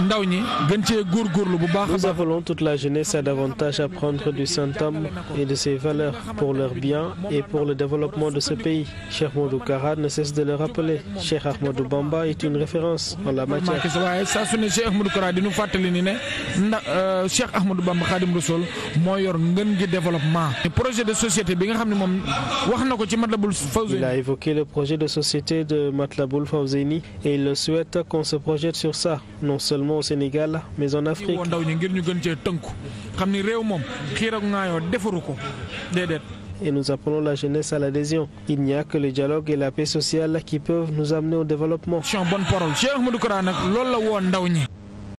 ndaw ñi gën cee góorgóorlu bu baax a baax. Nous appelons toute la jeunesse à davantage à prendre du saintam et de ses valeurs pour leur bien et pour le développement de ce pays. Cheikh Modou Kara ne cesse de le rappeler. Cheikh Ahmadou Bamba est une référence en la matière. ndax euh, Cheikh Ahmadou Bamba Khadim Rassoul moo yor ngën gi développement. projet de société bi nga xam ne moom wax na ko ci Matlabul Fawzeyni. Il a évoqué le projet de société de Matlabul Fawzeyni et il souhaite qu'on se projette sur ça non seulement au Sénégal mais en Afrique. ndaw ñi ngir ñu gën cee tënku xam ni réew moom xiir ak ngaayoo defaru ko déedéet. et nous appelons la jeunesse à l'adhésion. Il n'y a que le dialogue et la paix sociale qui peuvent nous amener au développement. bonne parole loolu la woo ndaw ñi.